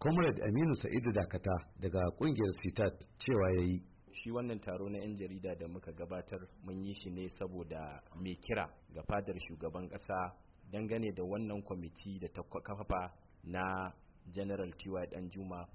comrade aminu sa'idu dakata daga kungiyar sitat cewa ya yi shi wannan taro na 'yan jarida da muka gabatar mun yi shi ne saboda mai kira ga fadar shugaban kasa dangane da wannan kwamiti da ta kafafa na general tiwa danjuma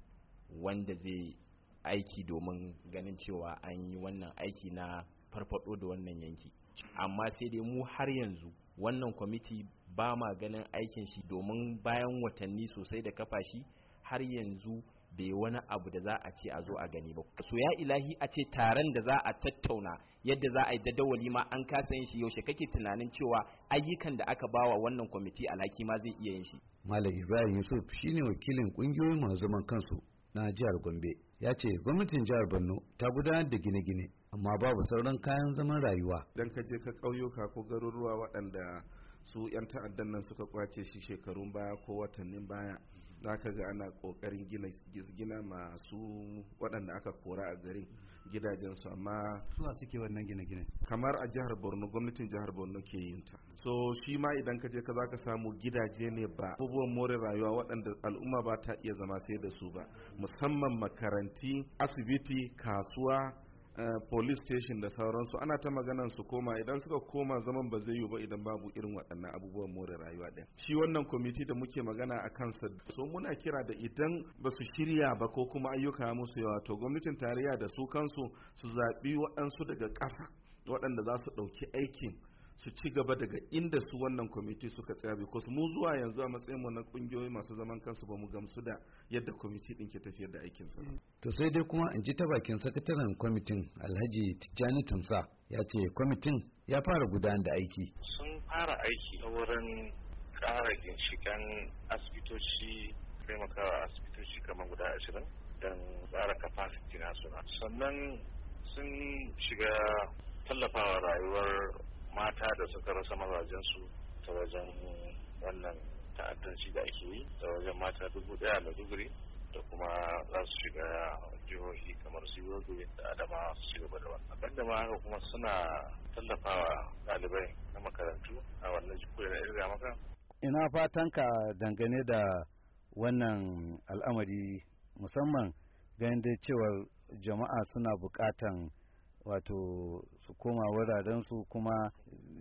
wanda zai aiki domin ganin cewa an yi wannan aiki na farfado da wannan yanki amma sai dai mu har yanzu wannan kwamiti ba ma ganin aikin shi domin bayan watanni sosai da kafa shi har yanzu bai wani abu da za a ce a zo a gani ba so ya ilahi a ce taron da za a tattauna yadda za a yi jadawali ma an kasa yin shi yaushe kake tunanin cewa ayyukan da aka bawa wannan kwamiti alhaki ma zai iya yin shi malam ibrahim yusuf shine wakilin ƙungiyoyin masu zaman kansu na jihar gombe ya ce gwamnatin jihar borno ta gudanar da gine-gine amma babu sauran kayan zaman rayuwa dan ka je ka ƙauyuka ko garuruwa waɗanda su 'yan ta'addan nan suka kwace shi shekarun baya ko watannin baya za ka ga ana kokarin gina gizgina masu waɗanda aka kora a garin gidajensu amma suwa suke wannan gine-gine kamar a jihar borno gwamnatin jihar borno ke yin ta so shi ma idan ka je ka za ka samu gidaje ne ba abubuwan more rayuwa waɗanda al'umma ba ta iya zama sai da su ba musamman makaranti asibiti kasuwa Eh, police station da sauransu ana ta maganan su koma idan suka koma zaman ba zai yiwu ba idan babu irin waɗannan abubuwan more rayuwa ɗin shi wannan kwamiti da muke magana a kansa so muna kira da idan ba su shirya ba ko kuma ayyuka musu yawa to gwamnatin tarayya da su kansu su zaɓi waɗansu daga ƙasa waɗanda za su ɗauki aikin su ci gaba daga inda su wannan kwamiti suka tsaya su mu zuwa yanzu a matsayin mu na kungiyoyi masu zaman kansu ba mu gamsu da yadda kwamiti din ke tafiyar da aikin sa to sai dai kuma in ji ta bakin sakataren kwamitin Alhaji Tijjani Tumsa ya ce kwamitin ya fara gudanar da aiki sun fara aiki a wurin ƙara ginshiƙan asibitoci taimakawa asibitoci kamar guda ashirin don tsara capacity na suna sannan sun shiga tallafawa rayuwar mata da suka rasa mazajensu ta wajen wannan ta'addanci da ake yi ta wajen mata dubu daya da dubri da kuma za su shiga jihohi kamar su yobe da adama su shiga gaba da wannan banda ma haka kuma suna tallafawa ɗalibai na makarantu a wannan jikuri na irga maka ina fatanka dangane da wannan al'amari musamman ganin dai cewar jama'a suna buƙatan wato su koma su kuma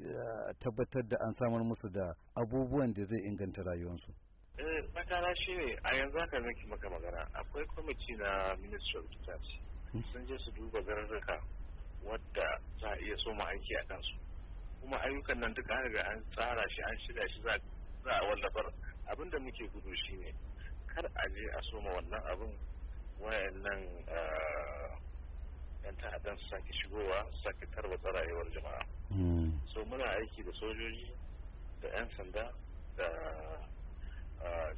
eh, tabbatar da an samar musu da abubuwan da zai inganta rayuwarsu. Eh, matana shi ne a yanzu haka nake maka magana akwai kwamiti na ministry of defense hmm? sun je su duba garurruka wadda za a iya soma aiki a kansu kuma ayyukan nan duka daga an tsara shi an shirya shi za a wallafar abin da muke gudu shi ne kar a je a soma wannan abin wayannan eh, ta'addan su sake shigowa su sake tarwatsa rayuwar jama'a hmm. so muna aiki da sojoji da 'yan sanda da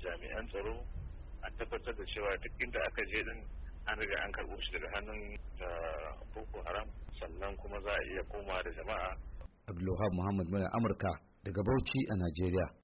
jami'an tsaro a tabbatar da cewa duk inda aka je din an riga an karbo shi daga hannun da boko haram sannan kuma za a iya koma da jama'a abdulwahab muhammad muna amurka daga bauchi a najeriya